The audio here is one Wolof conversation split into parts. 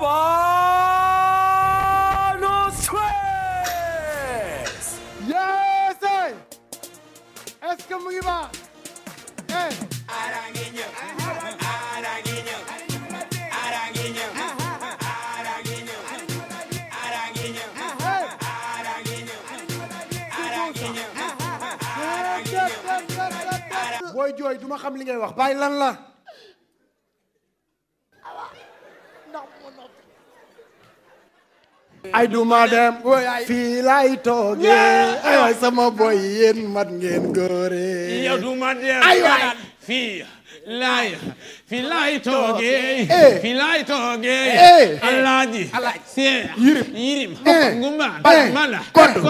Buenos Twins! Yes, hey! Est-ce que mu ngi baax? Hey! Araguinho, Araguinho, Araguinho, Araguinho, Araguinho, Araguinho, Araguinho, Araguinho. Booy jooy duma xam li ngay wax bàyyi lan la. ay du ma dem fii laay toogee ay waay sama boy yéen mat ngeen góore yow du ma dem ay waay fii laay fii laay toogee eh. fii laay toogee eh. Eh. alaaji see yirim yirim ngumba mala koddu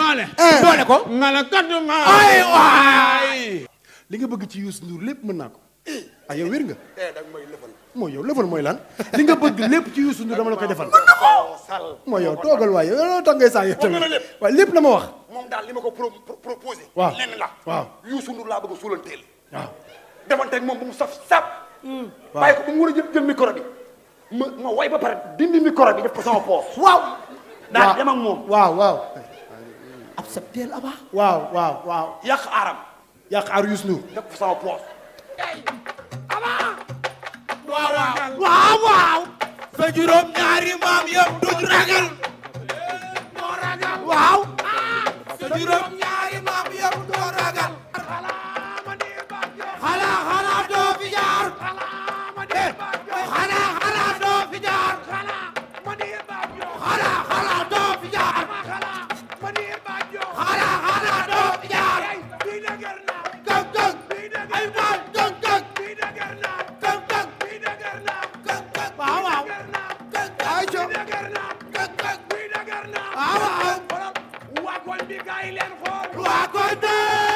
mala doole ko mala koddu mala ay waay li nga bëgg ci Youssou Ndour lépp mën naa ko ah yow wér nga. eh da nga yow lëfal mooy lan li nga bëgg lépp ci Youssou Ndour dama la koy defal. mën na yow toogal waaye yow loolu tax ngay saa yow lépp la ma wax. moom daal li ma ko pro proposé. waaw lenn la waaw Youssou Ndour laa bëgg a suulanteel. waaw demanteeg moom bu mu saf saf. Hmm. waaw bàyyi ko ba ma ma ba pare bi def ko sama poos. waaw daal sa teel abaa. waaw waaw waaw. yàq aaram. yàq aar Youssou Ndour. def ko sama poos. sa juróom ñaari maam yëpp dëgër na këk këk buy dëgër na waaw waaw xoolal waa koñ bi kaay leen xool waa koñ bi